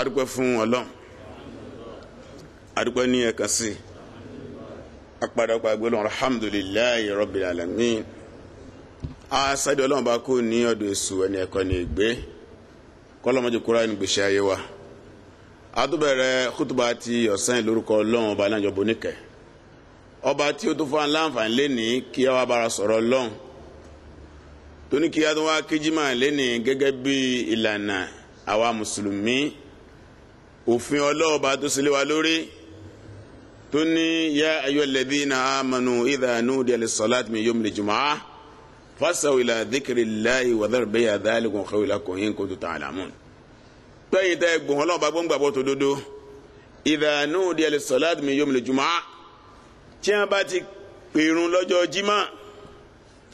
adúpẹ́ fún ọlọ́run adúpẹ́ ní A sí apàdàpọ̀ agbélọ́run alhamdulillahi rabbil alamin asadi ọlọ́run bá kú ní ọdún esu ẹni ẹ̀kọ́ ní egbe kọ́lọ́mọdé kúrò ní gbèsè ayé wa adúbẹ̀rẹ̀ kútùbà ti ọ̀sán lórúkọ ọlọ́run ọba náà jọba oníkẹ́ ọba tí ó tó fún aláǹfààní lẹ́nìí kí a bára sọ̀rọ̀ ọlọ́run tóní kí a tó wá gẹ́gẹ́ bí ìlànà àwa mùsùlùmí òfin Ọlọ́hun bá tó sílé wa lórí tó ní yá ayyuhal ladhina amanu idha nudiya lis-salati min yawmil jumu'ah fasaw ila dhikrillahi wa dharul bay'a dhalikum khayrun lakum in kuntum ta'lamun. pẹ́yìn tẹ́ gbọ̀n Ọlọ́hun bá gbọ́ngbà bọ́ tó dodo idha nudiya lis-salati min yawmil jumu'ah tí wọ́n bá ti pèrún lọ́jọ́ jimá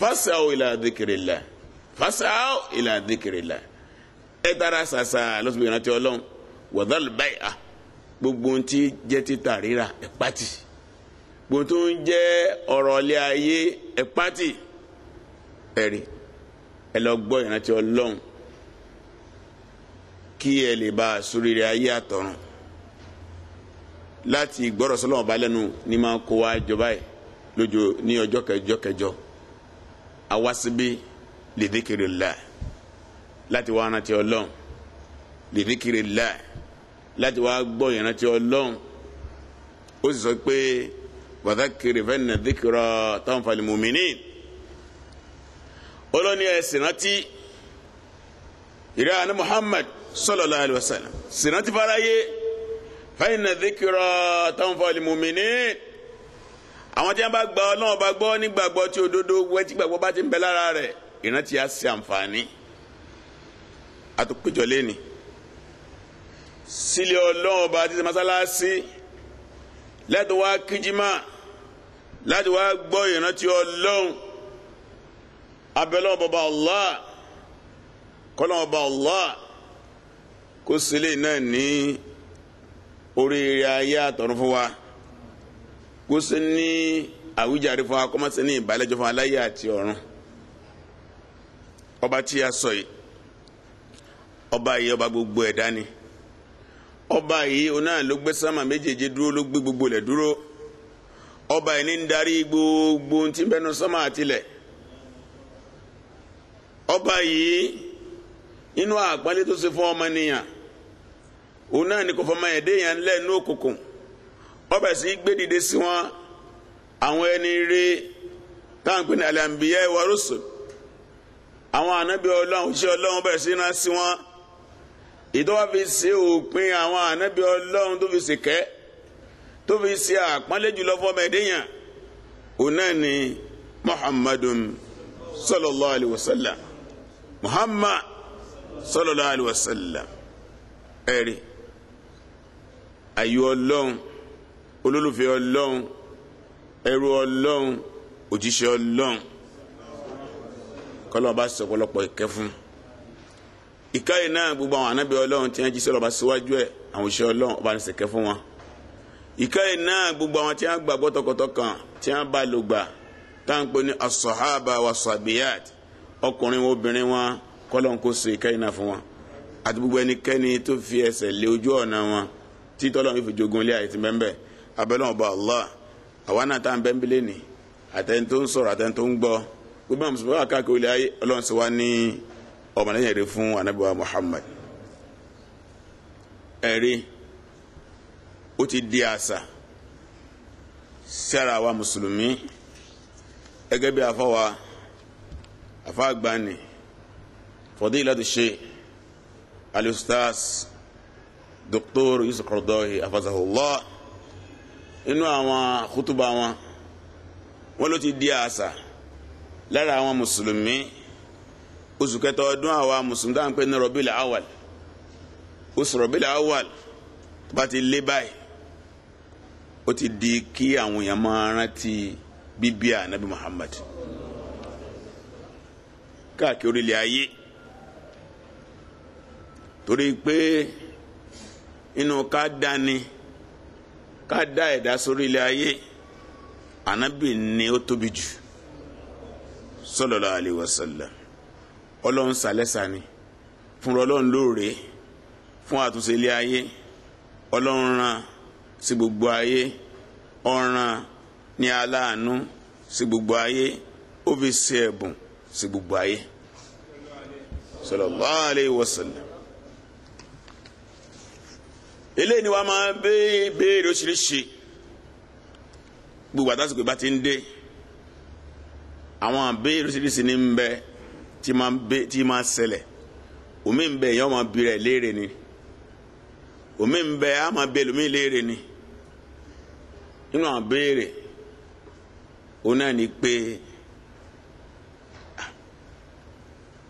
fasaw ila dhikrillahi fasaw ila wàdàlù báyà gbogbo ohun tí jẹ́ títà rírà ẹ̀ pátì gbogbo tó ń jẹ́ ọ̀rọ̀ ilé ayé ẹ̀ pátì ẹ̀rí ẹ lọ gbọ́ ìrántí ọlọ́run kí ẹ lè bá a sóríire ayé àtọ̀run láti gbọ́rọ̀ sọlọ́wọ́n bá lẹ́nu ní máa kó wa jọba yìí lójó ní ọjọ́ kẹjọ kẹjọ awásíbí lèdékèrè là láti wá rántí ọlọ́run lèdékèrè là láti wá gbọ́ ìrántí ọlọ́run ó sì sọ pé wàtàkìrì fẹ́ẹ̀nà dìkìrọ̀ tánfàlì mùmíní ọlọ́ni ẹ̀ sìrántí ìrẹ́ àná Muhammad sallallahu alaihi wasallam sìrántí fáráyé fẹ́ẹ̀nà dìkìrọ̀ tánfàlì mùmíní àwọn tí wọn bá gba ọlọ́wọ́n bá gbọ́ nígbàgbọ́ tí òdodo wẹ́n tí gbàgbọ́ bá ti ń bẹ lára rẹ̀ ìrántí á ṣe àǹfààní àtòkùjọ lẹ́nìí. sílé ọlọ́run ọba títí masalasi lati wa kijima lati wa gbọ́ ìrántí ọlọ́run abẹ́lẹ́ ọba Allah kọ́lọ́ ọba Allah kó sílé náà ní oríire ayé àtọ̀run fún wa kó sí ní àwíjàre fún wa kó má sí ní ìbálẹ́jọ́ fún wa àti ọ̀run ọba tí a sọ yìí ọba yìí ọba gbogbo ẹ̀dá ni. ọba yìí onáà ló gbé sámà mejeje dúró ló gbé gbogbo lẹ dúró ọba yìí ní darí gbogbo ohun bẹnu sámà tilẹ ọba yìí inú àpálẹ́ tó ṣe fún ọmọnìyàn onáà ní kò fọmọ ẹ̀dẹ́ yẹn lẹ́nu òkùnkùn ọba sì gbé dìde sí wọn àwọn ẹni rí ní àwọn ọlọ́run ọlọ́run bẹ̀rẹ̀ sí ìdọ́wà fi ṣe òpin àwọn ànábì ọlọ́run tó fi ṣe kẹ́ tó fi ṣe àpọ́nlé jùlọ fọmọ ẹ̀dẹ́yàn òun náà ni muhammadun sallallahu alayhi wa sallam muhammad sallallahu alayhi wa sallam ẹ̀rí ayé ọlọ́run olólùfẹ́ ọlọ́run ẹrú ọlọ́run òjíṣẹ́ ọlọ́run kọ́lọ́ọ̀ bá ìkẹ́ fún un. ìkáyè náà gbogbo àwọn anábì ọlọ́run tí wọ́n jí sọ̀rọ̀ bá síwájú ẹ̀ àwọn òṣìṣẹ́ ọlọ́run ọba fún wọn ìkáyè náà gbogbo àwọn tí wọ́n gbà kan tí wọ́n bá lò gbà táǹpé ní asọ̀hábà wa sàbíyàt ọkùnrin obìnrin wọn kọ́lọ́n kó so ìkáyè náà fún wọn àti gbogbo ẹnikẹ́ni tó fi ẹsẹ̀ lé ojú ọ̀nà wọn tí tọ́lọ́run fi ọmọnìyàn yẹrẹ fún anabiwa Muhammad ẹ̀rí ó ti di àṣà sára wa mùsùlùmí gẹ́gẹ́ bí afọwà afáàgbani fadilatu sheikh al-ustaz Dr. Yusuf Qaradawi afazahullah inú àwọn kútùbà wọn wọn ló ti di àṣà lára àwọn mùsùlùmí oṣù kẹta ọdún àwa mùsùlùmí dáhùn pé ní rọbìlì awal oṣù rọbìlì awal bá ti lé báyìí ó ti di kí àwọn èèyàn máa rántí bíbí ànábì Muhammad káàkiri orílẹ̀ ayé torí pé inú ká dání ká dá ẹ̀dá sórí ilẹ̀ ayé ànábì ni ó tóbi jù sallallahu alaihi wasallam ọlọ́run sàlẹ́sà ni fún ọlọ́run lóore fún àtúnṣe ilé ayé ọlọ́run rán sí gbogbo ayé ọ̀ràn ní aláàánú sí gbogbo ayé ó fi ṣe ẹ̀bùn sí gbogbo ayé sallallahu alayhi wa sallam eléyìí ni wàá máa béèrè oríṣiríṣi gbogbo àtàsìkò ìbá ti ń dé àwọn àbẹ́rẹ́ oríṣiríṣi ní ń bẹ́ẹ̀. tí ma bẹ tí máa ṣẹlẹ̀ omi ń bẹ yẹn ni omi ń bẹ a bẹ lómi léèrè ni nínú bere òun náà ni pé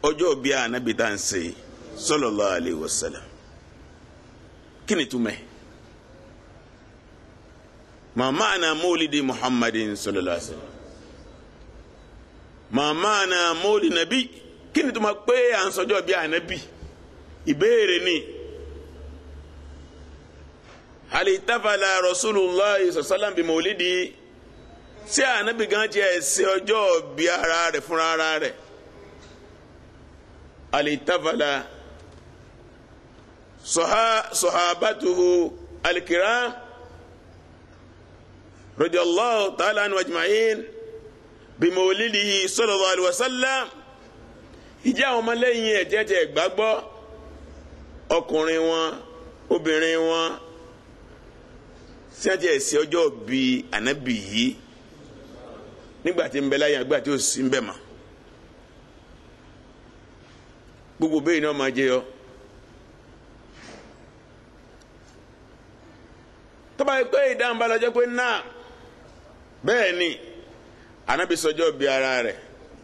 ọjọ́ bí anabi tá à ń ṣe sallallahu alaihi wasallam kí ni túmẹ̀ màmá muhammadin sallallahu alaihi màmá na mọ́lídìí nàbí. kí ni tó máa pé à ń sọjọ́ bí ànábì ìbéèrè ni alitafala rasulullah sallam bi mawlidi ṣé ànábì gan jẹ́ ẹ̀sìn ọjọ́ bí ara rẹ̀ fúnra ara rẹ̀ alitafala sọ̀hábàtuhu alikiram radiyallahu ta'ala anhu ajma'in bi mawlidi sallallahu alaihi ìjẹ́ àwọn ọmọlẹ́yìn ẹ̀ jẹ́jẹ́ gbàgbọ́ ọkùnrin wọn obìnrin wọn sẹ́ńtì ẹ̀sìn ọjọ́ bi ànábì yìí nígbà tí ń bẹ láyé àgbà tí ó sì ń bẹ mọ́ gbogbo bẹ́ẹ̀ náà máa jẹyọ. tọ́ba pé ìdáhùn bá pé náà bẹ́ẹ̀ ni ànábì sọjọ́ ara rẹ̀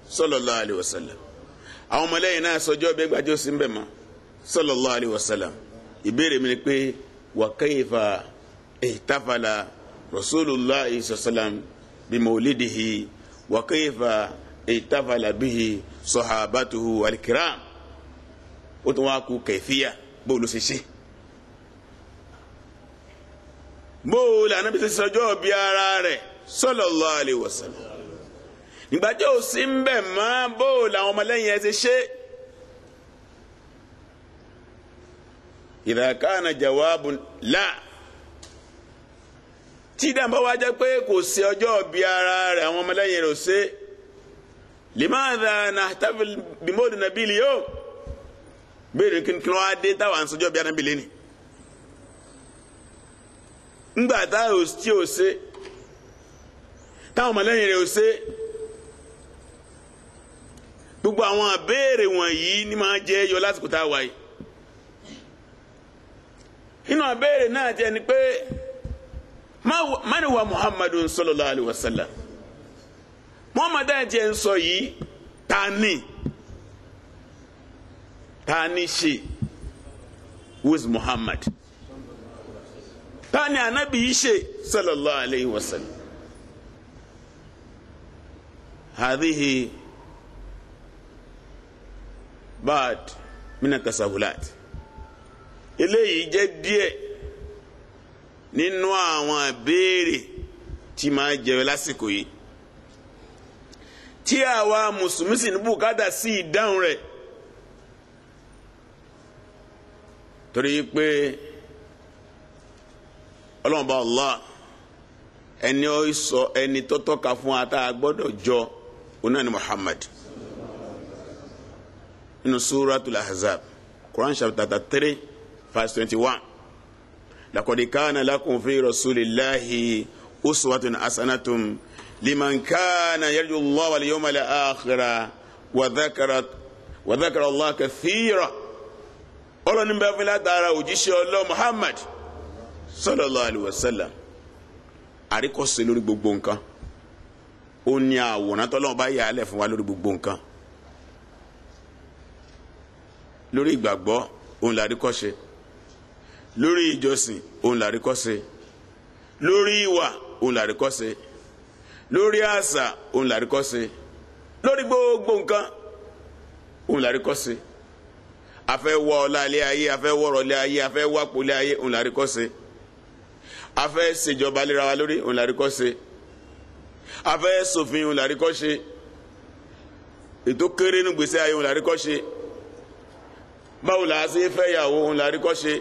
sallallahu àwọn ọmọlẹ́yìn náà sọjọ́ bẹ́ẹ̀ gbàjọ́ sí bẹ́ẹ̀ mọ́ sallallahu alayhi wa sallam ìbéèrè mi ni pé wa kayfa ihtafala rasulullah sallam bi maulidihi wa kayfa ihtafala bihi sahabatuhu al-kiram ó tún wá kú kẹfíà bóòlù ṣe ṣe bóòlù ànábìsẹ̀ sọjọ́ bí ara rẹ̀ sallallahu alayhi wa ìgbà osi ma ń bẹ̀ mọ́ bó làwọn ọmọlẹ́yìn ẹ ti ṣe. idha kana jawabun la tí dàmbá wá jẹ́ pé kò sí ọjọ́ bí ara rẹ̀ àwọn ọmọlẹ́yìn rẹ̀ ò ṣe limadha nahtafil bimodi nabili yóò béèrè kí ni wọ́n á gbogbo àwọn àbéèrè wọ̀nyí ni máa jẹ́ yọ lásìkò tá a wáyé inú àbéèrè náà jẹ́ ni pé mani wa muhammadu sallallahu alaihi wasallam muhammadu ajẹ́ ń sọ yìí ta ni ṣe who is muhammad ta anabi yìí ṣe sallallahu alaihi wasallam hadhihi. bad mina tasahulat eléyìí jẹ́ díẹ̀ n'inu àwọn ìbéèrè tí máa jẹyọ lásìkò yi ti awa mùsùlùmí sì ní bùkátà sí ìdáhùn rẹ̀ torí pé ọlọ́mọba Allah ẹni ọ sọ ẹni tó tọ́ka fún wa tá gbọ́dọ̀ jọ onáni Muhammad. nínú suratul ahzab quran chapter three verse twenty-one lakodi kana lakum fi rasulillahi uswatun asanatum liman kana yarju allah wal yawmal akhira wa dhakara wa dhakara allah kathira ọlọ́ni bẹ́ẹ̀ fi látara òjíṣẹ́ ọlọ́ muhammad sallallahu alayhi wa sallam àríkọ́sí lórí gbogbo nǹkan ó ní àwòrán tọ́lọ́run bá yà wa lórí gbogbo nǹkan lórí ìgbàgbọ́ òun l'a rí kọ́ ṣe lórí ìjọsìn òun là rí kọ́ ṣe lórí ìwà òun là rí kọ́ ṣe lórí àṣà òun là rí kọ́ ṣe lórí gbogbo nǹkan òun là rí kọ́ ṣe afẹ́ wọ ọlá ilé ayé afẹ́ wọ̀rọ̀ ilé ayé afẹ́ wàpò ilé ayé òun là rí kọ́ ṣe afẹ́ ṣèjọba lera wa lórí òun là rí kọ́ ṣe afẹ́ ṣòfin òun là rí kọ́ ṣe ètò kéré nùgbèsè ayé òun là rí kọ́ ṣe báwo la ṣe fẹ́ yàwó òun lárí kọ́ ṣe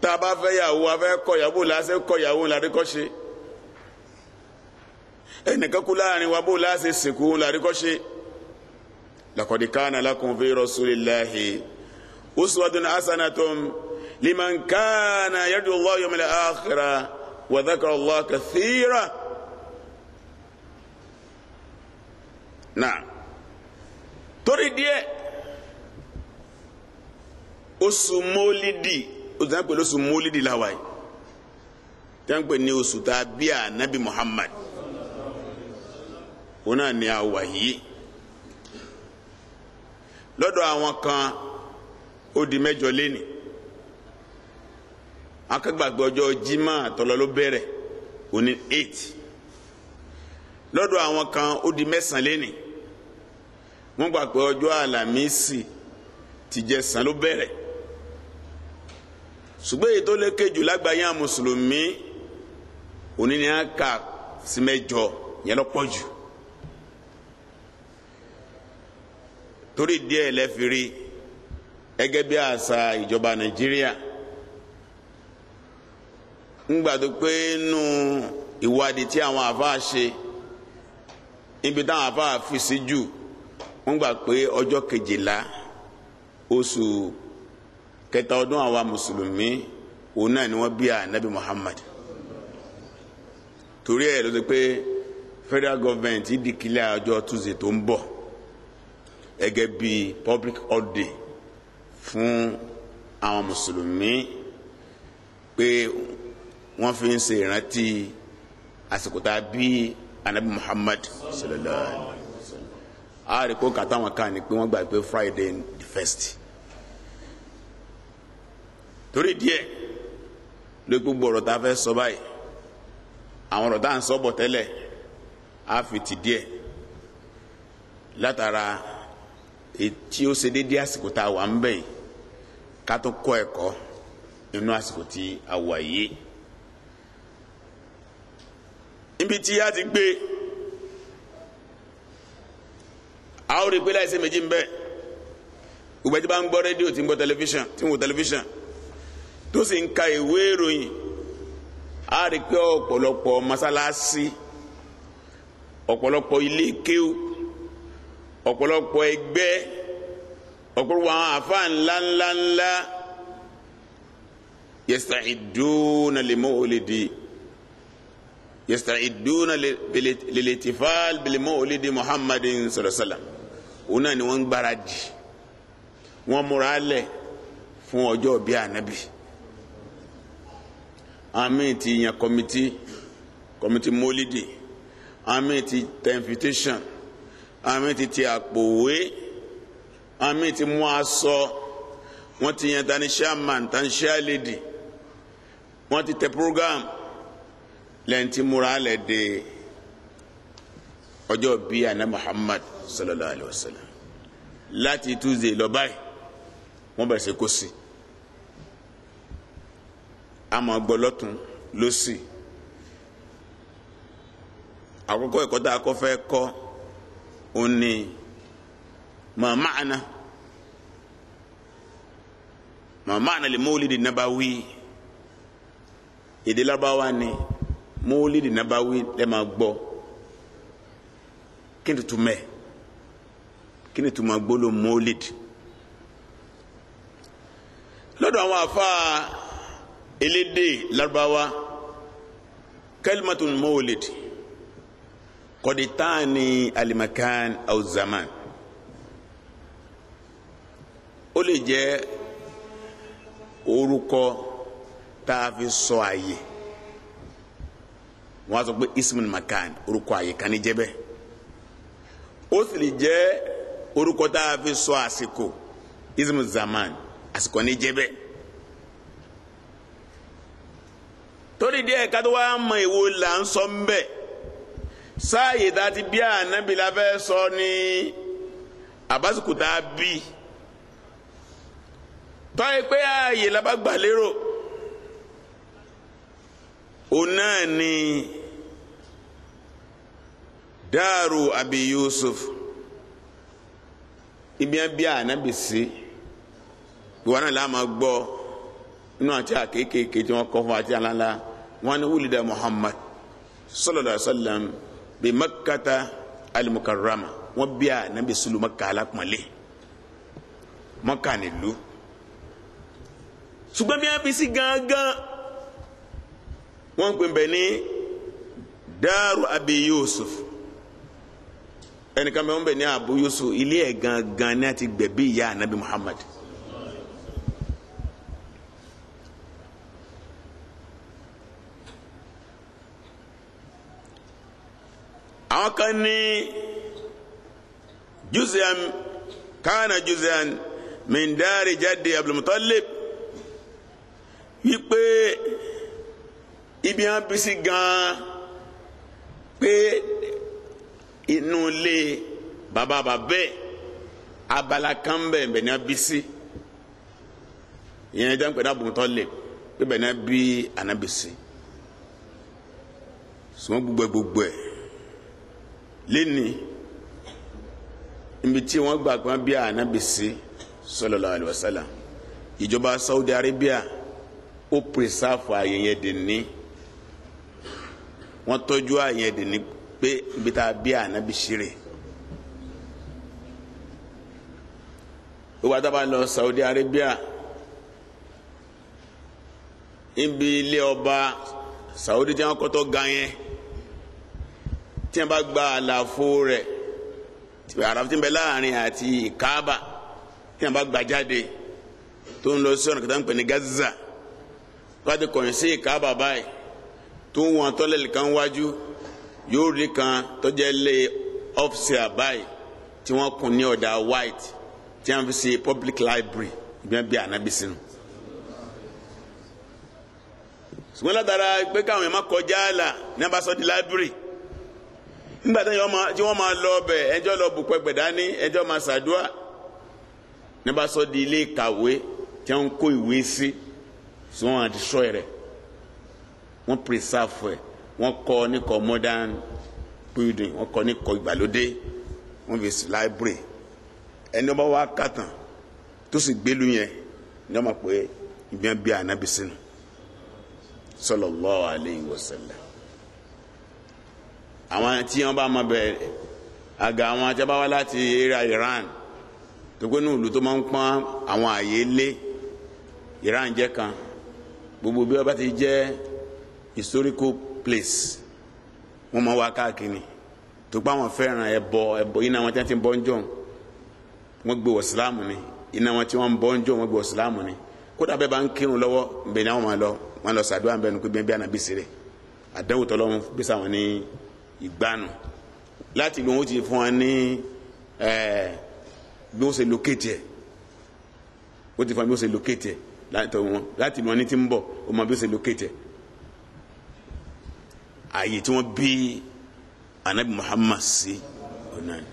tá a bá fẹ́ yàwó a fẹ́ kọ́ yàwó la ṣe kọ́ yàwó òun lárí kọ́ ṣe ẹnìkan kú láàrin wa bó la ṣe sìnkú òun lárí kọ́ ṣe laqad kana lakum fi rasulillahi uswatun liman kana yarju Allaha yawmal akhira wa dhakara kathira. náà torí díẹ̀ oṣù mólídì oṣù tá à ń pè lóṣù mólídì láwa yìí tá à ń pè ní Muhammad òun náà ni àwa yìí lọ́dọ̀ àwọn kan ó di mẹ́jọ léni akẹgbàgbé ọjọ́ jimá tọlọ ló bẹ̀rẹ̀ òní eight lọ́dọ̀ àwọn kan ó di mẹ́sàn léni wọ́n gbà ọjọ́ àlàmísì tìjẹsán ló bẹ̀rẹ̀ ṣùgbọ́n èyí tó lékè jù lágbàáyé àwọn mùsùlùmí òní ni a kà sí mẹ́jọ yẹn lọ pọ̀ jù torí díẹ̀ lẹ́fìrí gẹ́gẹ́ bí àṣà ìjọba nàìjíríà ńgbà tó pé nù ìwádìí tí àwọn àfáà ṣe níbi táwọn àfáà fi sí jù wọ́n gbà pé ọjọ́ kejìlá oṣù kẹta ọdún àwa mùsùlùmí òun náà ni wọ́n bí ànábì Muhammad torí ẹ̀ ló ti pé federal government dìkìlẹ̀ ọjọ́ Tuesday tó ń bọ̀ gẹ́gẹ́ bí public holiday fún àwọn mùsùlùmí pé wọ́n fi ń ṣe ìrántí àsìkò tá a bí ànábì Muhammad sallallahu alaihi wasallam a rí kó kàtàwọn ní pé wọ́n gbà pé Friday the first torí díẹ̀ lórí gbogbo ọ̀rọ̀ tá a fẹ́ sọ báyìí àwọn ọ̀rọ̀ tá à ń sọ bọ̀ tẹ́lẹ̀ á fi ti díẹ̀ látara tí ó ṣe déédéé àsìkò tá a wà ń bẹ̀ yìí ká tó kọ́ ẹ̀kọ́ nínú àsìkò tí a wà yìí níbi tí a ti gbé a ó rí i pé láìsí méjì ń bẹ gbogbo ẹni tí bá ń gbọ́ rédíò tí ń gbọ́ tẹlifíṣàn tí ń wo tẹlifíṣàn tó sì ń ka ìwé ìròyìn a rí pé ọ̀pọ̀lọpọ̀ mọ́sálásí ọ̀pọ̀lọpọ̀ ilé kéwú ọ̀pọ̀lọpọ̀ ẹgbẹ́ ọ̀pọ̀lọpọ̀ àwọn àfa ńláńláńlá yasta'iduna limawlidi yasta'iduna lilitifal bilimawlidi muhammadin sallallahu alaihi wasallam òun náà ni wọ́n ń gbáradì wọ́n múra lẹ̀ fún ọjọ́ bíi ànábì àmì ti yan kọmitì kọmitì mólídì àmì ti tẹnfitéṣàn àmì ti ti àpòwé àmì ti mú aṣọ wọ́n ti yan tani chairman tani chairlady wọ́n ti tẹ program lẹ́ǹtì múra lẹ̀ dé ọjọ́ bíi àná Muhammad sallallahu alayhi wa sallam láti Tuesday lọ báyìí wọ́n bẹ̀rẹ̀ sí sí i àmọ́ gbọ́ lọ́tún lọ́sì àkọ́kọ́ ẹ̀kọ́ tá a kọ́ fẹ́ kọ́ ó ní ma ma'ana ma ma'ana li mawlidi nabawi èdè Lárúbáwá ni mawlidi nabawi lẹ́ máa gbọ́ kí ni tuma ẹ̀ kí ni tuma gbólóhùn mawlid lọ́dọ̀ àwọn àfáà elédè Lárúbáwá kalimatul mawlid kọditaani alimakan aw zaman ó lè jẹ́ orúkọ tá a fi sọ àyè wọ́n á sọ pé ismail makan orúkọ àyè kan ní jẹ́bẹ́ ó sì lè jẹ́ orúkọ tá a fi sọ àsìkò ismail zaman àsìkò ní torí díẹ̀ kátó wá mọ èwo là ń sọ sáàyè tá a ti bí ànábì la fẹ́ sọ ní àbásùkù bí pé ààyè la náà ni abi Yusuf ibi bí ànábì sí ìwà náà la máa gbọ́ inú àti àkékèké tí wọ́n ní wulida muhammad sallallahu alaihi wa sallam bi makkata alimukarama wọ́n bí a nabi sulu makka alakumale makka nílu ṣùgbọ́n bí a bí sí gángan wọ́n pè bẹ́ẹ̀ ní daaru abi yusuf ẹnìkan bẹ́ẹ̀ wọ́n bẹ́ẹ̀ ní abu yusuf ilé ẹ̀ gángan ní a ti gbẹ̀bí ìyá anabi muhammad. àwọn kan ní juz'an kana juz'an min dari jaddi Abdul Muttalib wípé ibi hàn bisi gan pé inú ilé bàbá bàbẹ́ abala kan bẹ́ẹ̀ bẹ́ẹ̀ ní hàn bisi yẹn jẹ́ pé ní pé bẹ́ẹ̀ bí anabisi sùnmọ́ gbogbo ẹ̀ gbogbo ẹ̀ lẹ́ni ibi tí wọ́n gbà pé wọ́n bí ànábì sí sallallahu ìjọba Saudi Arabia ó pèsèfò ààyè yẹn dè ní wọ́n tọ́jú ààyè yẹn dè ní pé ibi tá a bí ànábì ṣeré. wọ́n dábàá lọ Saudi Arabia ibi ilé ọba Saudi tí wọ́n kọ́tọ́ gan yẹn tí wọn bá gba àlàfo rẹ̀ àràfo tí ń bẹ láàrin àti kaaba tí wọn bá gba jáde tó ń lọ sí ọ̀nà kí wọn pè ní Gaza wọn ti kọ̀yìn sí kaaba báyìí tó ń wọn tọ́lẹ̀ kan wájú yóò rí kan tọ́jẹ́ lé ọ́fíìsì báyìí tí wọ́n kùn ní ọ̀dà white tí wọ́n fi ṣe public library gbẹ́n bí ànábì sínú. ṣùgbọ́n látara pé káwọn ẹ̀ má kọjá àlà ní abasọ́dí library nígbà tí wọ́n máa lọ ọbẹ̀ ẹjọ́ lọ bùpẹ́ gbẹ̀dání ẹjọ́ máa ṣàdúrà nígbà sọ di ilé ìkàwé tí wọ́n ń kó ìwé sí tí wọ́n àti sọ rẹ̀ wọ́n preserve ẹ̀ wọ́n kọ́ níkọ modern building wọ́n kọ́ níkọ ìgbàlódé wọ́n fi sí library ẹni ọba wa kàtàn tó sì gbélu yẹn ní ọmọ pé ìgbìyànjú bíi ànábìsínú sallallahu alayhi wa sallam. àwọn tí wọn bá máa bẹ àga àwọn tí láti era Iran tó ní tó máa ń pọn àwọn àyè lé Iran jẹ́ kan gbogbo bí wọn bá ti jẹ historical place wọn máa wá káàkiri tó àwọn fẹ́ràn ẹbọ ẹbọ iná wọn tí wọn ti ń ń jọ wọn gbé wọ sílámù ni wọn wọn bọ ń jọ wọn ni kódà bẹ́ẹ̀ bá ń kírun lọ́wọ́ lọ wọn lọ sàdúrà bẹ́ẹ̀ bí àdéhùn ní. ìgbanu láti ibi wọn ti fún wa ní bí wọn ṣe lókètì ẹ wọn ti fún wa bí wọn ṣe lókètì ẹ látọ̀ wọn láti ibi wọn ní ti ń bọ̀ wọn mọ bí wọn ṣe lókètì ààyè tí wọn bí anabi Muhammad sí ọ̀nà ni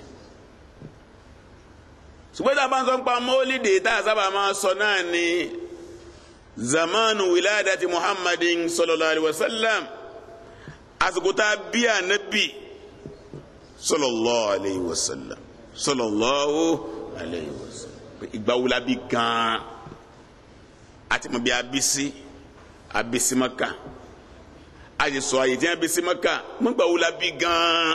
ṣùgbọ́n tá a sọ nípa mọ́lídé tá a sábà máa sọ náà ni zamanu wiladati Muhammadin sallallahu alaihi wa sallam àsìkò tá a bí ànábì sallallahu alayhi wa sallam sallallahu alayhi wa sallam ìgbà wo la bí gan-an àti mọ̀ bí abisi abisi maka àyè sọ àyè tí wọ́n abisi maka mọ̀ ìgbà wo gan-an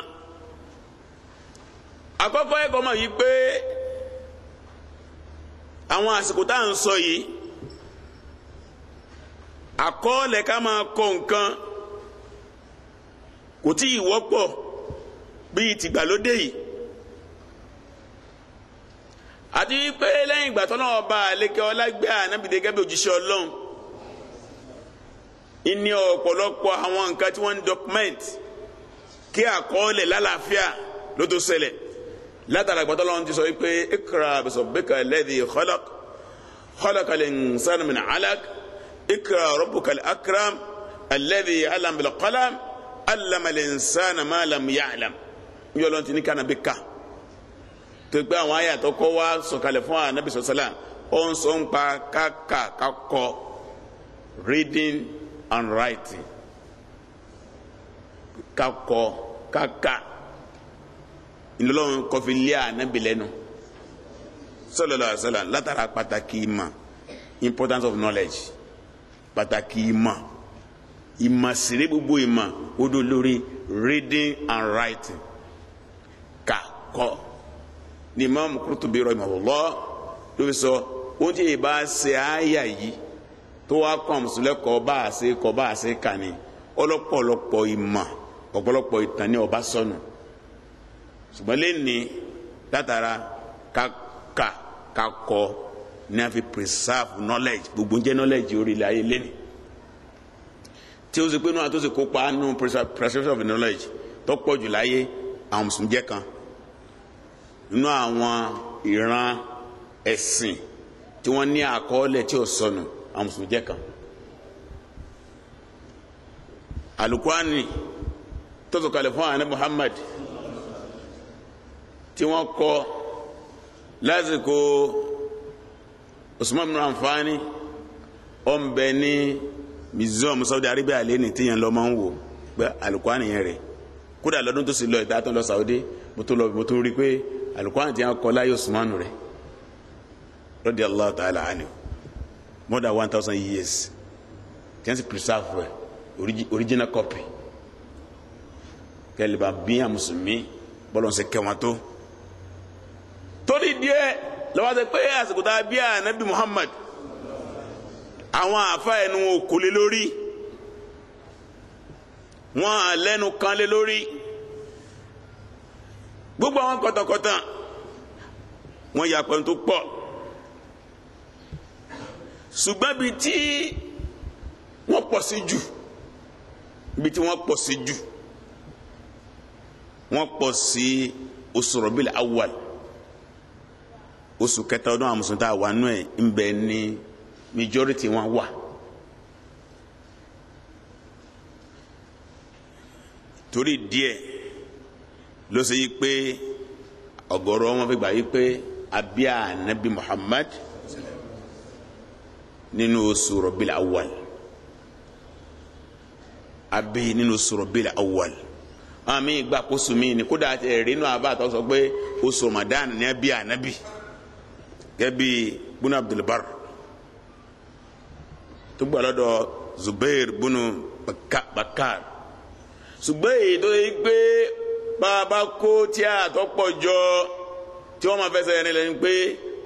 àkọ́kọ́ ẹ̀kọ́ mọ̀ yìí àwọn àsìkò tá à ń sọ yìí kò tí ì wọ́pọ̀ bíi tìgbàlódé yìí àti pé lẹ́yìn ìgbà tọ́lọ́run ọba àlékè ọlá gbé ànábìdé gẹ́gẹ́ òjíṣẹ́ ọlọ́run ìní ọ̀pọ̀lọpọ̀ àwọn nǹkan tí wọ́n ń document kí àkọọ́lẹ̀ lálàáfíà ló tó ṣẹlẹ̀ látara ìgbà tọ́lọ́run ti sọ wípé ikra bisabbika alladhi khalaq khalaqal insana min alaq ikra rabbukal akram alladhi alam bil alamalensana malam yalam yọlọ ti ní kanabi ka tó gbé àwọn àyà tó kọ wá sọ̀kalẹ̀ fún anabi sọsọlá ó ń sọ ń pa káka kakọ reading and writing kakọ kaka ìlọlọrun kọfí lé anabi lẹ́nu sọlọlọ àṣàlà látara pàtàkì ìmọ̀ importance of knowledge pàtàkì ìmọ̀. ìmọ̀síre gbogbo ìmọ̀ odò lórí reading and writing kakọ ni imaamu Qurtubi rahimahullah ló fi sọ ohun tí ìbá ṣe àyà yìí tó wá kọ́ àmùsùlẹ̀ kọ́ bá a ṣe kọ́ bá a ṣe kà ní ọlọ́pọ̀lọpọ̀ ìmọ̀ ọ̀pọ̀lọpọ̀ ìtàn ní ọba sọnù ṣùgbọ́n lẹ́ni látara kàkà kakọ ní a fi preserve knowledge gbogbo jẹ́ knowledge orílẹ̀ ayé lẹ́ni tí ó ṣe pé náà tó ṣe kópa nínú preservation of knowledge tó pọ̀ jù láyé àwọn mùsùlùmí jẹ́ kan nínú àwọn ìran ẹ̀sìn tí wọ́n ní àkọọ́lẹ̀ tí ò sọnù àwọn mùsùlùmí jẹ́ kan alukwani tó sọ̀kalẹ̀ fún àná Muhammad tí wọ́n kọ lásìkò Usman bin Anfani ní museum Saudi Arabia lé ní tíyẹn lọ máa ń wò pé alukwani yẹn rẹ̀ kódà lọ́dún tó sì lọ ìta tán lọ Saudi mo tó lọ mo tó rí i pé alukwani ti yàn kọ́ láyé Usmanu rẹ̀ radiyallahu ta'ala anhu more than one thousand years can you preserve well origi original copy kẹlẹ bá bí àwọn mùsùlùmí bọ́lọ̀ ń ṣe kẹwọn tó torí díẹ̀ lọ́wọ́ sẹ pé àsìkò tá a bí ànábì Muhammad àwọn àfa ẹnu kò lé lórí wọn à lẹ́nu kan lé lórí gbogbo àwọn kọtàkọtà wọn yà pẹ̀lú tó pọ̀ ṣùgbọ́n bíi tí wọ́n pọ̀ sí jù bíi tí wọ́n pọ̀ sí jù wọ́n pọ̀ sí oṣù rọ̀bìlì awal oṣù kẹta ọdún àmùsùn tá a wà nù ẹ̀ ń bẹ ní majority wọn wà torí díẹ̀ ló ṣe yí pé ọ̀gọ̀rọ̀ wọn fi gbà yí pé abíà nabi Muhammad nínú oṣù rọ̀bìlà awwal abí nínú oṣù rọ̀bìlà awwal àmì ìgbà kóso mi ni kódà ẹ̀rí inú àbá sọ pé oṣù Ramadan ní abíà nabi gẹ́gẹ́ bí Abdulbar. tó gbà lọ́dọ̀ Zubair bunu Bakar Zubair tó yẹ pé bàbá kó tí a tó jọ tí wọ́n máa fẹsẹ̀ rìn lẹ́yìn pé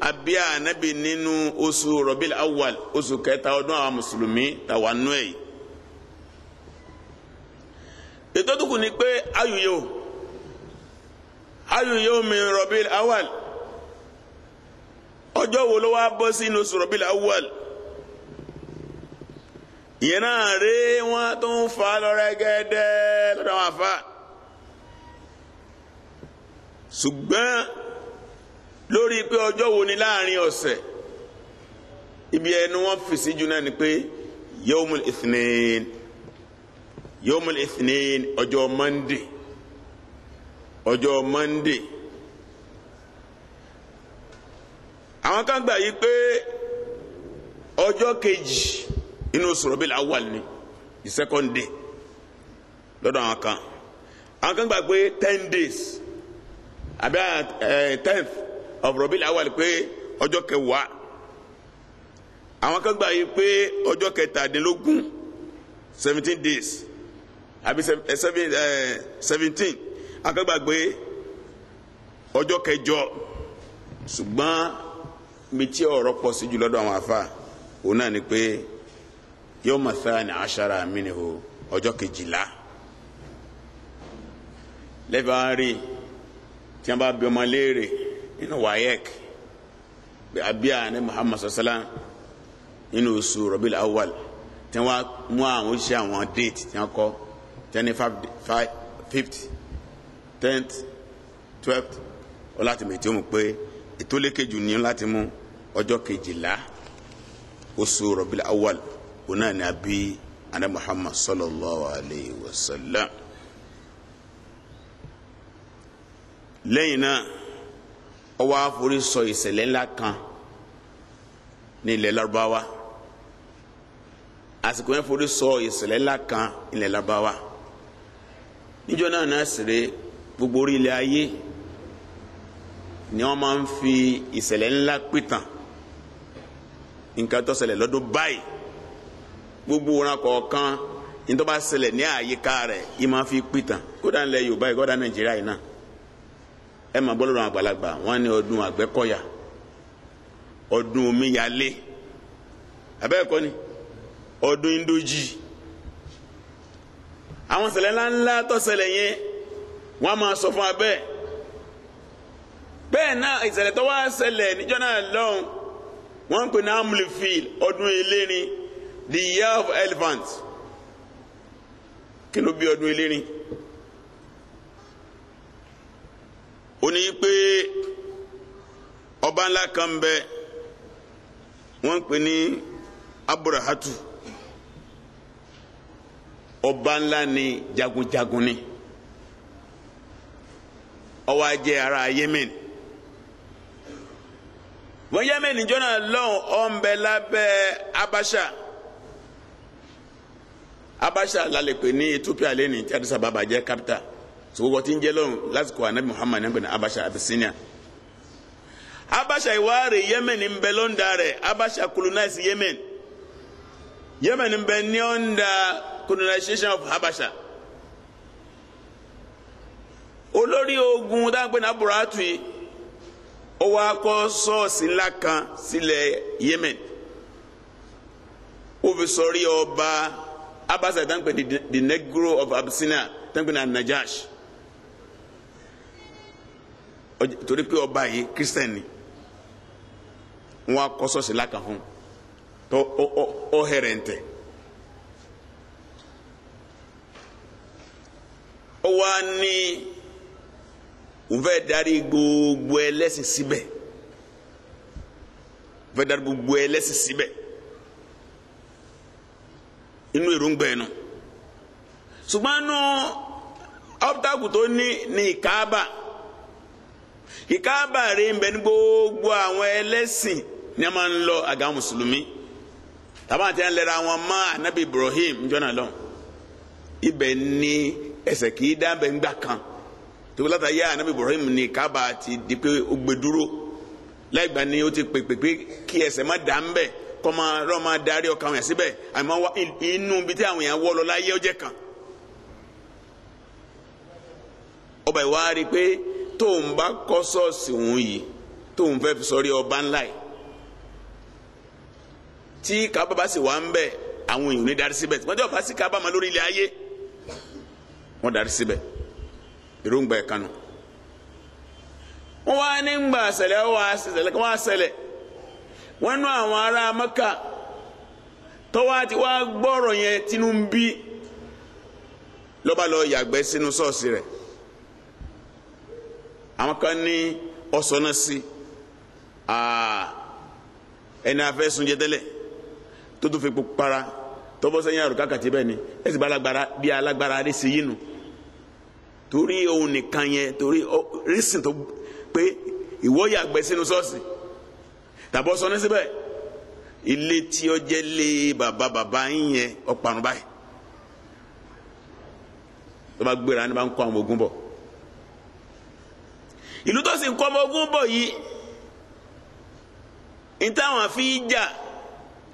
abíyá anabi nínú osu Rabil Awwal oṣù kẹta ọdún àwọn mùsùlùmí tàwa nú ẹ̀ yìí ètò tó kù ni pé ayuyo o mi Rabil awal ọjọ́ wo ló wá bọ́ sínú oṣù Rabil ìyẹn náà rí wọn tó ń fa lọ́rẹ́gẹ́dẹ́ lọ́dọ̀ àwọn àfa ṣùgbọ́n lórí pé ọjọ́ wo ni láàrin ọ̀sẹ̀ ibi ẹnu wọn fèsì jù náà ni pé yomul ethnin, yomul ethnin ọjọ́ monday ọjọ́ monday àwọn kan gbà yí pé ọjọ́ kejì inú oṣù Rabiul Awwal ni the second day lọ́dọ̀ àwọn kan àwọn kan gbà pé ten days àbí tenth of Rabiul Awwal pé ọjọ́ kẹwàá àwọn kan gbà yìí pé ọjọ́ kẹtàdínlógún seventeen days àbí seventeen àwọn kan gbà pé ọjọ́ kẹjọ ṣùgbọ́n mi tí ọ̀rọ̀ pọ̀ sí jù lọ́dọ̀ àwọn àfa òun náà ni pé yawma thani ashara minhu ọjọ́ kejìlá lẹ́bàárì tí wọ́n bá bí ọmọ léèrè nínú wayek abíyá ní muhammad sasala nínú oṣù rọ̀bìlà awal tí wọ́n mú àwọn oṣìṣẹ́ àwọn déètì tí wọ́n kọ́ tẹ́ni fifth tenth twelfth ọ láti mẹ̀tí ó mú pé ètò lékejì ní láti mú ọjọ́ kejìlá oṣù rọ̀bìlà awal òun náà ni a bí adé muhammad sallallahu alayhi wa sallam lẹ́yìn náà ó wá forí sọ ìṣẹ̀lẹ̀ ńlá kan ní ilẹ̀ Lárúbáwá àsìkò yẹn forí sọ ìṣẹ̀lẹ̀ ńlá kan ní ilẹ̀ Lárúbáwá níjọ́ náà náà sèré gbogbo orí ayé ni wọ́n máa ń fi ìṣẹ̀lẹ̀ ńlá pìtàn nǹkan tó ṣẹlẹ̀ lọ́dún báyìí gbogbo wọn kọọkan ní tó bá ṣẹlẹ̀ ní àyíká fi pìtàn kódà ńlẹ̀ yorùbá yìí kódà nàìjíríà yìí náà ẹ máa bọ́ lọ́rùn àgbàlagbà wọ́n ní ọdún àgbẹ̀kọ̀yà ọdún omíyalé abẹ́ẹ̀kọ́ ni ọdún nla àwọn ṣẹlẹ̀ ńláńlá tó yẹn wọn máa sọ fún bẹ́ẹ̀ náà tó wá náà ń pè the year of elephant kí ló bí ọdún elérin ó ní pé ọba ńlá kan bẹ wọ́n ń pè ní aburahatu ọba ńlá ni jagunjagun ni ó ara yemen wọn yemen jọ́nà lọ ó ń bẹ lábẹ́ abasha. Abacha la ni Ethiopia lẹ́ni tí Addis Ababa jẹ́ capital sọgbọgbọ tí ń jẹ́ lọ́run lásìkò anabi Muhammad ní pẹ̀lú Abacha Abyssinia Abacha ìwáàrè Yemen ń bẹ Abacha colonize Yemen Yemen ń bẹ colonization of Abacha olórí ogun dáńpẹ́ ní aburatu yìí ó wá kọ́ ńlá kan Yemen ó fi sọrí ọba. abasa tan pè the, the negro of Abyssinia tan na najash anajash oh, torí pé ọba yìí kristian ni wọn akọsọ si kan fún tó oh, ọ oh, hẹrẹ ntẹ ó wá ní òun darí gbogbo ẹlẹ́sìn síbẹ̀ òun darí gbogbo ẹlẹ́sìn síbẹ̀. inú èròǹgbà ẹnu ṣùgbọ́n nú ọ́pútàkù tó ní ní ìkaaba ìkaaba rèé ń bẹ ní gbogbo àwọn ẹlẹ́sìn ní a máa ń lọ àga mùsùlùmí tàbá àti wọn mọ́ anabi Ibrahim jọ́nà lọ ibẹ̀ ni ẹsẹ̀ kì í dábẹ̀ ńgbà kan tóbi láta yá anabi Ibrahim ní ti di pé ó gbé dúró ni ó ti pèpè kí ẹsẹ̀ má dà ń kọ́mọ lọ́ọ́ máa darí ọkàn wọn síbẹ̀ àmọ́ inú bíi tí àwọn èèyàn wọ́ lọ láyé ọjẹ́ kan ọba ìwà rí i pé tóun bá kọ́ ṣọ́ọ̀ṣì òun yìí tóun fẹ́ fi sọrí ọba ńlá yìí tí kábà bá sì wà ń bẹ̀ àwọn èèyàn ní darí síbẹ̀ wọ́n ti ọba kábà máa lórí ilẹ̀ ayé wọ́n darí síbẹ̀ èròǹgbà ẹ̀ kanu wọ́n wá nígbà ṣẹlẹ̀ wọ́n wá ṣẹlẹ̀ wọ́n nú àwọn ará mẹ́kà tọ́wọ́ àti wá gbọ́rọ̀ yẹn tinubu ń bí lọ́ba lọ yàgbẹ́ sínú ṣọ́ọ̀ṣì rẹ̀ àwọn kan ní ọsọ náà sí ẹni afẹ́sùn jẹ tẹ́lẹ̀ tó tún fi para tọ́bọ́ sẹ́yìn àrùn kákàtí bẹ́ẹ̀ ni ẹ sì bá alágbára bí alágbára rẹ̀ sí yìí torí òun nìkan yẹn torí rísìn tó pé ìwọ yàgbẹ́ sínú ṣọ́ọ̀ṣì. So tàbọ̀ sọ ní síbẹ̀ ilé tí ó jẹ́ lé bàbá bàbá yín yẹn ọ̀parun báyìí tó bá gbéra ní bá ń kó àwọn ogun bọ̀ ìlú tó sì ń kọ́ ọmọ ogun bọ̀ yìí ní táwọn àfi jà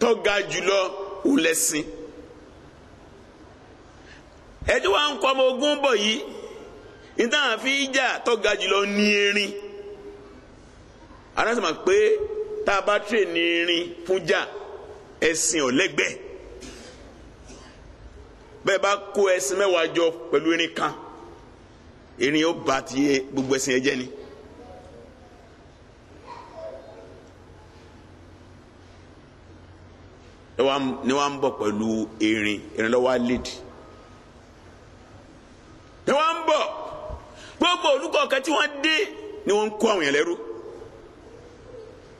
tó ga jùlọ ò lẹ́sìn ẹjú wa ń kọ́ ọmọ ogun bọ̀ yìí ní táwọn àfi jà tó ga jùlọ ní erin aránsìmọ̀ pé. tá a bá ní irin fúnjà esin ọ̀lẹ́gbẹ́ bẹ́ẹ̀ bá kó ẹ̀sìn mẹ́wàá jọ pẹ̀lú irin kan irin ó bá ti gbogbo ẹ̀sìn ẹ ni. ni wọ́n ń bọ̀ pẹ̀lú erin erin lọ́wọ́ lédi ni wọ́n ń bọ̀ gbogbo olùkọ́ kan tí wọ́n dé ni wọ́n ń kó àwọn yẹn lẹ́rú.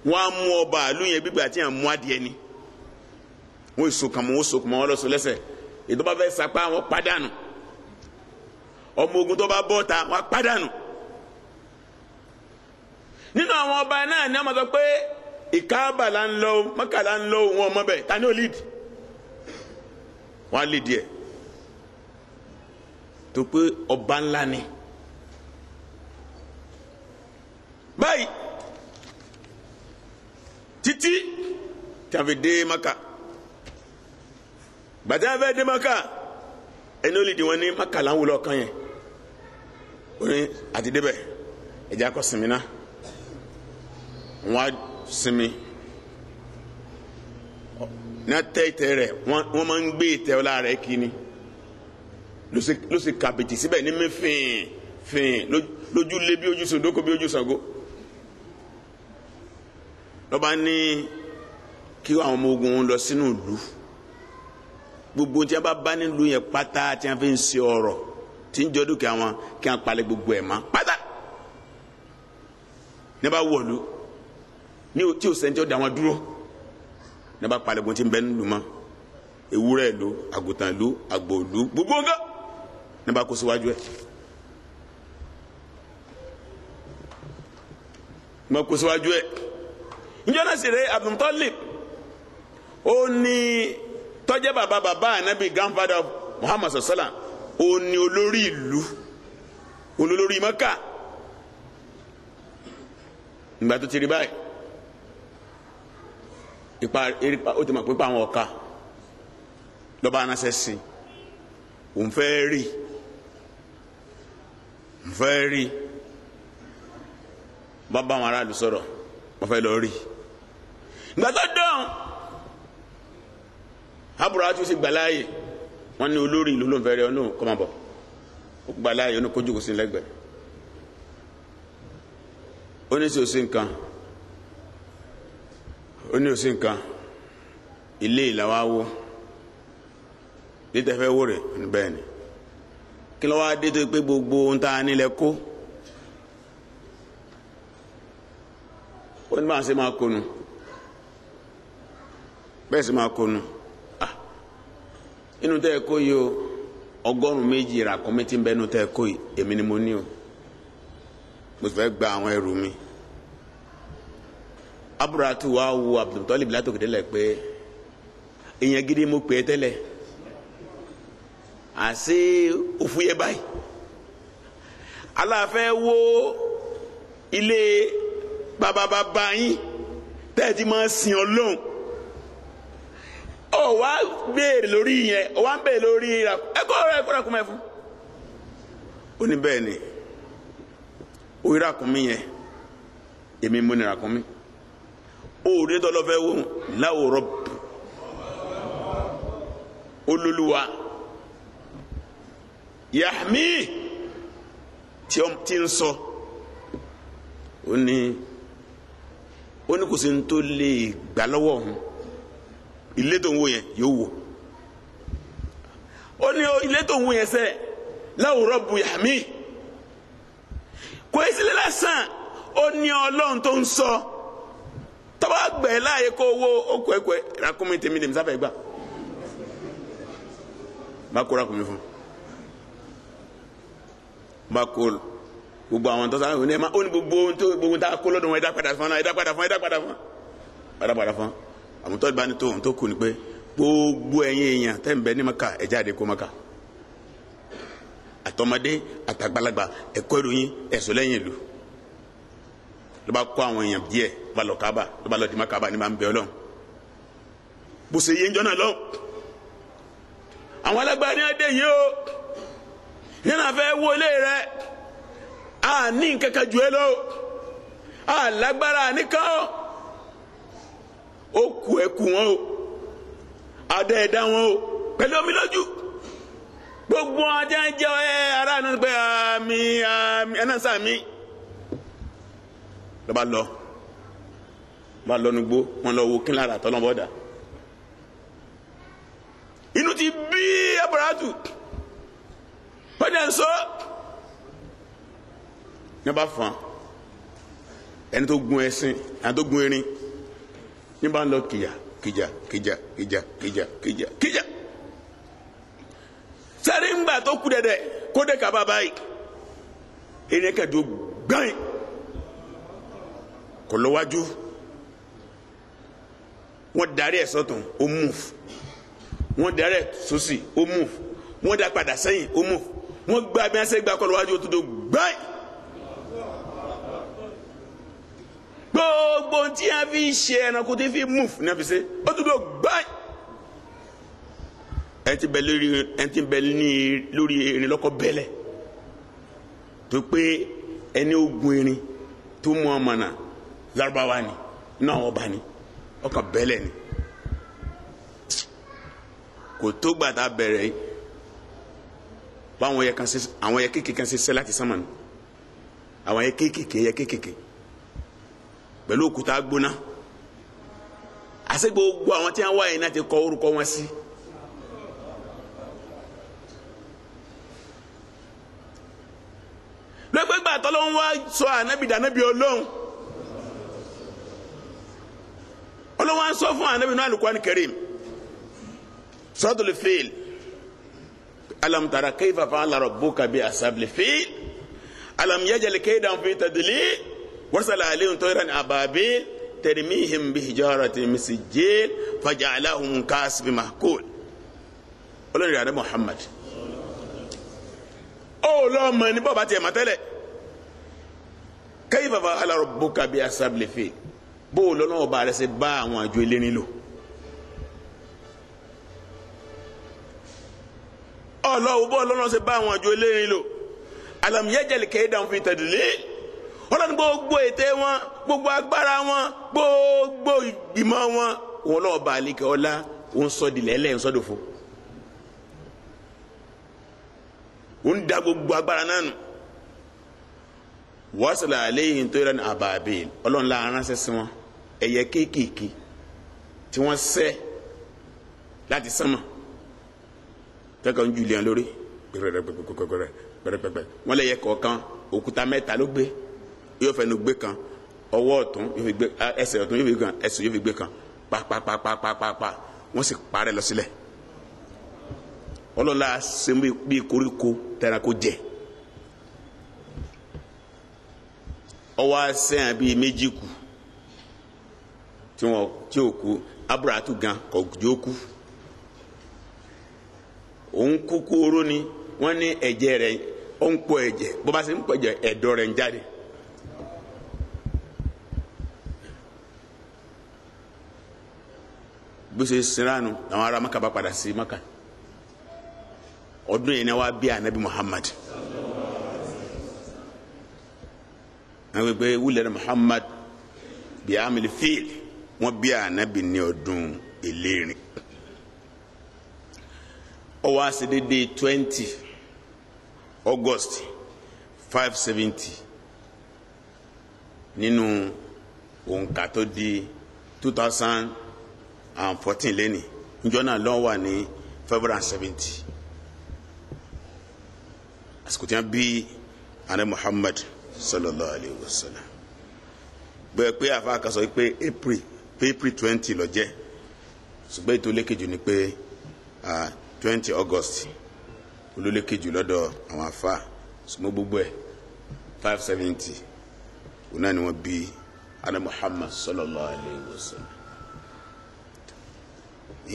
wọ́n mú ọba àlú yẹn bí tí yẹn mú adìẹ ni wọ́n èso kàn mọ́ wọ́n so kàn mọ́ wọ́n lọ́sọ lẹ́sẹ̀ sapá ọmọ ogun tó bá ta ọba náà ni máa sọ pé wọn ọmọ ta ni ó lead á lead yẹ tó pé ọba ńlá ni Titi tí a fi dé maka gbàtí a fẹ́ dé maka ẹni ó lè di wọn ní maka láwọn olú ọkàn yẹn ó ní àti débẹ̀ ẹ̀jẹ̀ akọ sinmi náà wọ́n á sinmi ní atẹ́ ìtẹ́ rẹ̀ wọ́n máa ń gbé ìtẹ́ ọlá rẹ̀ kí ni ló kàbìtì síbẹ̀ ní mi fìn fìn lójú lé ojú sòdókò bí ojú sàgó. So lọ́ba ní kí àwọn ọmọ ogun lọ sínú ìlú gbogbo tí a bá bá nílùú yẹn pátá tí a fi ń ṣe ọ̀rọ̀ tí ń jọ dúkìá wọn kí a palẹ̀ gbogbo ẹ̀ mọ́ pátá ní a bá wọ̀lú ní tí o sẹ́ńtì ọ̀dà wọn dúró ní a bá palẹ̀ gbogbo tí ń bẹ nílùú mọ́ ewúrẹ́ ìlú àgùntàn ìlú àgbò ìlú gbogbo nǹkan ní a bá kó síwájú ẹ̀. ní a bá kó síwájú ẹ̀. njọ́ náà sì rẹ̀ Abdul Muttalib ó ní tọ́jẹ́ bàbá bàbá ànábì grandfather of Muhammad sallam ó ní olórí ìlú olórí Mẹ́kà ìgbà tó ti rí báyìí ipa ó ti mọ̀ pípa àwọn ọ̀ka lọ́ba sí òun bàbá àwọn aráàlú sọ̀rọ̀ wọ́n gbàtọ́ dán aburatu sì gbàláyè wọn ní olórí ìlú ló ń fẹrẹ ọnù kọmọbọ ó gbàláyè ọnù kójú kò sí lẹ́gbẹ̀ẹ́ ó ní sí òsì nǹkan ó ní òsì nǹkan ilé ìlàwọ awo dítẹ fẹ wò rẹ bẹ́ẹ̀ ni kí ló wá dé tó pé gbogbo ohun tá a kó ó ní bá a ṣe máa kónu bẹ́ẹ̀ sì máa kónú ah, inú tẹ́ ẹ kó yìí o ọgọ́rùn-ún méjì ra kọ́mẹ́tì ń bẹ́nu tẹ́ ẹ kó yìí èmi ni mo ní o mo sì fẹ́ gba àwọn ẹrù mi aburatu wa wo abdulmutalib látòkèdè lẹ pé ìyẹn gidi mo pè é tẹ́lẹ̀ àṣé òfúyẹ́ báyìí aláfẹ́ wo ilé bababa yín tẹ́ ẹ ti máa sìn ọ́ lóhùn ọ wá béèrè lórí yẹn ọ wá ń béèrè lórí ẹkọ rẹ ẹkọ rẹ kún mẹ fún. ó ní bẹ́ẹ̀ ni orí ràkúnmí yẹn èmi mú ni ràkúnmí òòrè dọ́lọ́fẹ́ wò láwòrán olólùwà yahmi tí ó ti ń sọ ó ní ó ní kò sí ní tó lè gbà lọ́wọ́ òun ilé tó ń wò yẹn yóò wò ó ní oh, ilé tó ń wò yẹn sẹ láwùrọ buyami kò sílẹ̀ lásán ó ní ọlọ́run tó ń sọ tọ́ba gbẹ̀ láàyè kó owó okò ẹ̀kọ́ rakumi tèmi lèmi sáfẹ́ gbà bá kó rakumi fún bá kó gbogbo àwọn tó sáfẹ́ fún ẹ má ó ní gbogbo ohun tó gbogbo ohun tá kó lọ́dún wọn ẹ dá padà fún ẹ dá padà fún ẹ dá padà fún ẹ dá padà fún ẹ àmútọ́ ìbáni tó ohun tó kù ni pé gbogbo ẹ̀yin èèyàn tẹ́ ń bẹ ní maka ẹ jáde kó maka àtọmọdé àtàgbàlagbà ẹ̀kọ́ ìròyìn ẹ̀sùn lẹ́yìn ìlú ló bá kó àwọn èèyàn díẹ̀ ló bá lọ kábà ló bá lọ di maka bá ní máa ń bẹ ọlọ́run bó ṣe yé jọ́nà lọ́wọ́ àwọn alágbára ní adé yìí ó nínú àfẹ́ wo rẹ àní kankan jù ẹ lọ àlágbára àníkàn ó ku ẹkù wọn o adá ẹ̀dá wọn o pẹ̀lú omi lójú gbogbo ajá ń jẹ ẹ ará àná pé àmì àmì ẹ náà sàmì lọba lọ lọba lọnugbó wọn lọ wo kí lára tọlọmọdà inú ti bí aburatu pẹ̀lú nsọ ní a bá fọn ẹni tó gun ẹṣin ẹni tó gun erin ní bá ń lọ kìjà kìjà kìjà kìjà kìjà kìjà kìjà sẹ́rí ń gbà tó kú dẹ̀dẹ̀ kó dé kaba báyìí ìrìn kẹjọ gbọ́n kò lọ́wájú wọ́n darí ẹ̀ sọ́tún ó move wọ́n darí ẹ̀ sósì ó move wọ́n dá padà sẹ́yìn ó move wọ́n gba abẹ́yẹsẹ́ gba kọ́ lọ́wájú ó tó do gbọ́n. gbogbo tí a fi ṣe ẹranko tí fi move ní a fi ṣe ó dúró gbáì ẹ ti bẹ lórí ẹ ti bẹ ní lórí erin lọkọ bẹlẹ tó pé ẹni ogun erin tó mú ọmọ náà Lárúbáwá ni náà wọn bá ní ọkàn bẹlẹ ni kò tó gbàtà bẹ̀rẹ̀ yìí báwọn yẹ kékeré kan ṣe ṣe láti sánmà ni àwọn yẹ kékeré yẹ kékeré pẹ̀lú òkúta gbóná àṣẹ gbogbo àwọn tí wọ́n wáyé náà ti kọ orúkọ wọn sí. lọ́gbẹ́gbà tọ́lọ́hún wá sọ ànábì dànábì ọlọ́hún ọlọ́hún wá sọ fún ànábì náà Al-Qur'an Karim Suratul Fil alam tara kayfa fa'ala rabbuka bi ashabil fil alam yaj'al kaydan warsala alayhim tayran ababil tarmihim bihijaratin min sijjil faja'alahum kasbi mahkul olórí rẹ̀ Muhammad ó lọ́mọ ní bọ́ọ̀bá tiẹ̀ mọ́tẹ́lẹ̀ kayfa fa'ala rabbuka bi ashabil fil bó o lọ́nà ọba rẹ̀ ṣe bá àwọn àjò ilé nílò ọlọ́wọ́ bó o lọ́nà ṣe bá àwọn àjò ilé nílò alam yaj'al kaydahum fi tadlil wọn lọ́nà gbogbo ète wọn gbogbo agbára wọn gbogbo ìgbìmọ̀ wọn wọn lọ́ọ́ bá àlekè ọlá wọn sọ di lẹ́lẹ́ wọn sọ dòfo wọn da gbogbo agbára náà nù wọ́n sọ̀rọ̀ àléyìn tó yẹra ní àbàbíyìn ọlọ́run la aránṣẹ́ sí wọn ẹ̀yẹ kéékèèké tí wọ́n sẹ́ láti sánmà tẹ́kọ̀ ń ju ilé wọn lórí gbẹrẹgbẹrẹ gbẹrẹgbẹrẹ wọ́n lè yẹ kọ̀ọ̀kan òkúta mẹ́ta ló gbé. yóò fẹnu gbé kan ọwọ́ ọ̀tún yóò fi gbé ẹsẹ̀ ọ̀tún yóò fi gbé kan ẹsẹ̀ yóò fi gbé kan pàpàpàpàpàpà wọ́n sì parẹ́ lọ sílẹ̀ ọlọ́la ṣe bí koríko tẹranko jẹ ọwọ́ asẹ́yìn bíi méjì kù tí wọn tí ò kú aburatu gan kò jó kú òun kúkú oró ni wọ́n ní ẹ̀jẹ̀ rẹ̀ ó ń pọ̀ ẹ̀jẹ̀ bó bá ṣe ń pọ̀ ẹ̀jẹ̀ rẹ̀ ń jáde. bó ṣe sinranu àwọn ará maka bá padà sí maka ọdún yẹn ni wàá bí anabi muhammad àwọn gbẹgbẹ wúlẹ̀ ní muhammad bí amílí fíìl wọn bí anabi ní ọdún eléèrè ó wá sí dédé twenty august five seventy nínú òǹkà tó di two thousand. and fourteen lẹ́nì njọ́ náà lọ́n ni february seventy àsìkò tí muhammad sallallahu alayhi wa sallam april april twenty lọ jẹ́ ṣùgbọ́n ètò ni pe twenty august olólékejì lọdọ àwọn afa ṣùgbọ́n gbogbo ẹ̀ five seventy òun ni wọ́n muhammad sallallahu alayhi wa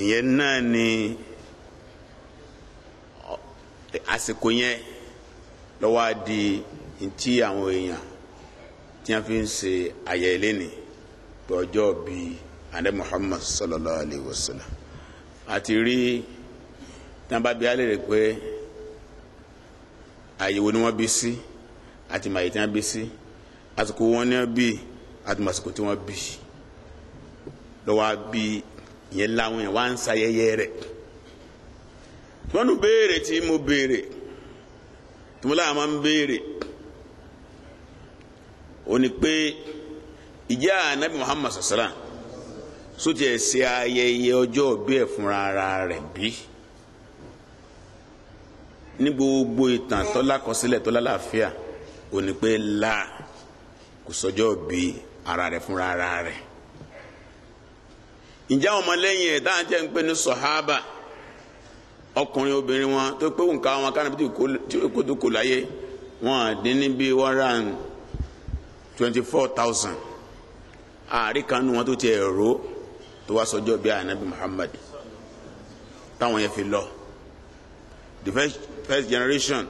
ìyẹn náà ni àsìkò yẹn lọ́wọ́ á di ntí àwọn èèyàn tí wọ́n fi ń ṣe ayẹyẹ lẹ́nìí pé ọjọ́ bíi Muhammad sallallahu alayhi wa sallam àti rí tábàbí alẹ́ rẹ̀ pé àyẹ̀wò ni wọ́n bí sí àti màyè tí wọ́n bí sí àsìkò wọn ni wọ́n bí àti màsìkò tí wọ́n bí lọ́wọ́ á bí yẹn làwọn yẹn wá ń sayẹyẹ rẹ̀ wọ́n nu béèrè tí mo béèrè tí mo láwọn máa ń béèrè ó ní pé ìjẹ́ ànábì Muhammad sasara sóti ẹ̀ ṣe ayẹyẹ ọjọ́ bí ẹ̀ fúnra ara rẹ bí ní gbogbo ìtàn tọ́lá kọsílẹ̀ tọ́lá láàfíà ó ní pé la kò sọjọ́ bí ara rẹ fúnra ara rẹ ǹjẹ́ àwọn ọmọlẹ́yìn ẹ̀ dáhùn jẹ́ ń pè ní sọ̀hábà ọkùnrin wọn tó pé nǹkan àwọn tí wọn dín ní bíi one round twenty four thousand àárín kanú wọn tó ti ẹ̀rọ tó wá sọjọ́ anabi Muhammad táwọn fi lọ the first, first generation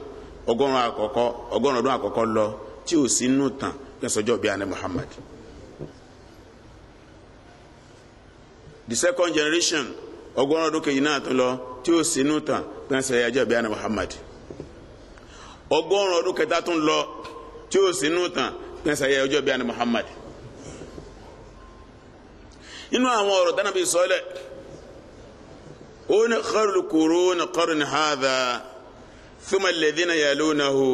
ọgọ́rùn-ún àkọ́kọ́ ọgọ́rùn-ún ọdún àkọ́kọ́ lọ tí ò tàn kí Muhammad. the second generation ọgọ́rùn ọdún kejì náà tó lọ tí ó sínú tàn tán ṣe ayájọ́ ìbí àná Muhammad ọgọ́rùn ọdún kẹta tó ń lọ tí ó sínú tàn tán ṣe ayájọ́ ìbí àná Muhammad inú àwọn ọ̀rọ̀ dánábì sọ́lẹ̀ ó ní kharul qurun qarni hadha thumma alladhina yalunahu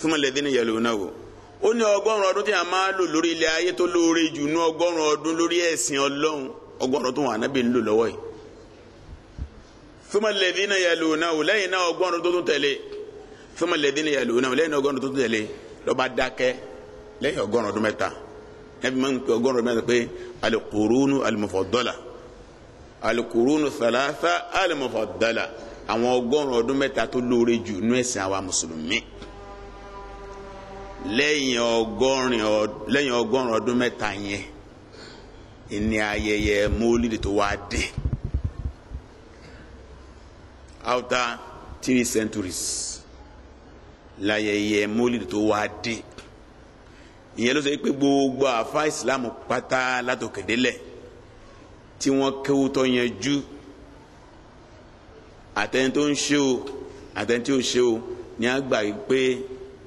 thumma alladhina yalunahu ó ní ọgọ́rùn ọdún tí a máa lò lórí ilẹ̀ ayé tó lóore jù ní ọgọ́rùn ọdún lórí ẹ̀sìn Ọlọ́run ọgọ́rùn tó wọn ànábì ń lò lọ́wọ́ yìí fúnma lẹ́bí náà yà lò náà lẹ́yìn náà ọgọ́rùn tó tún tẹ̀lé fúnma lẹ́bí náà yà lò náà lẹ́yìn náà ọgọ́rùn tó tún tẹ̀lé lọ́ba dákẹ́ lẹ́yìn ọgọ́rùn ọdún mẹ́ta ẹbí máa ń pè ọgọ́rùn mẹ́ta pé alukurunu alimufọdọ́là alukurunu salasa alimufọdọ́là àwọn ọgọ́rùn ọdún mẹ́ta tó lóore jù nú ẹ̀sìn àwa mùsùlùmí lẹ́yìn ọgọ́rùn ọdún mẹ́ta yẹn ìní ayẹyẹ mólídì tó wáá dé after three centuries láyẹyẹ mólídì tó wáá dé ìyẹn ló sọ pé gbogbo àfa islam pátá látòkè délẹ̀ tí wọ́n kéwú tó yanjú àtẹni tó ń ṣe o àtẹni tí ó ṣe o ní a gbà pé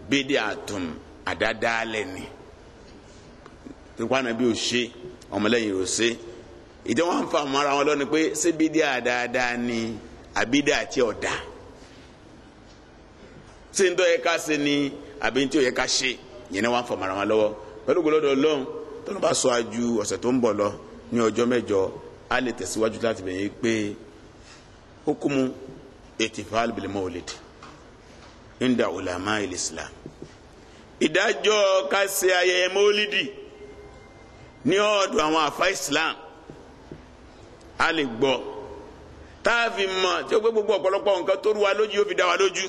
bídí àtùm àdádálẹ̀ ni tó pa ànábì ò ṣe ọmọlẹ́yìn ò ṣe ìdí wọn fa àwọn ara wọn lọ ni pé ṣé bídíà ni àbídíà tí ọ̀dà ṣé ń tọ́ yẹ ká ṣe ni àbí tí ò yẹ ká ṣe yẹn ni wọn fa àwọn ara wọn lọ́wọ́ pẹ̀lú gbọ́dọ̀ lọ́hùn tó bá sọ àjù ọ̀sẹ̀ tó ń bọ̀ lọ ní ọjọ́ mẹ́jọ a lè tẹ̀síwájú láti bẹ̀yẹ pé hukumu etifal bil mawlid inda ulama il islam ìdájọ́ ká ṣe ayẹyẹ mọ́lídìí ní ọ̀dọ̀ àwọn àfa Islam a lè gbọ́ tá a fi mọ̀ tí ó gbé gbogbo ọ̀pọ̀lọpọ̀ nǹkan tó rú wa lójú yóò fi dá wa lójú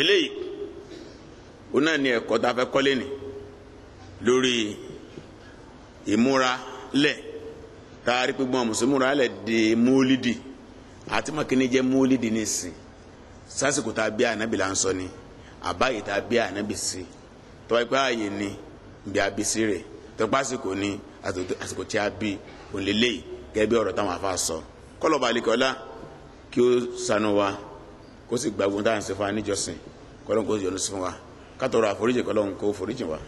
eléyìí ó náà ní ẹ̀kọ́ tá a fẹ́ kọ́lé ni lórí ìmúralẹ̀ tá a rí pé gbọ́n mùsùlùmí múralẹ̀ di múlídì àti mọ̀kíní jẹ́ múlídì ní ìsìn sásìkò tá a bí ànábì là ń sọ ni àbáyé tá a bí ànábì sí i. tọ́wọ́ pé ààyè ni bí a bí sí rẹ̀ àsìkò ni àsìkò tí a bí òǹlẹ́lẹ́ gẹ́gẹ́ bí ọ̀rọ̀ táwọn afa sọ kí ó sànú wa kó sì gbàgbọ́n táwọn ṣe fún wa níjọsìn kọ́lọ́n kó sì sí wa.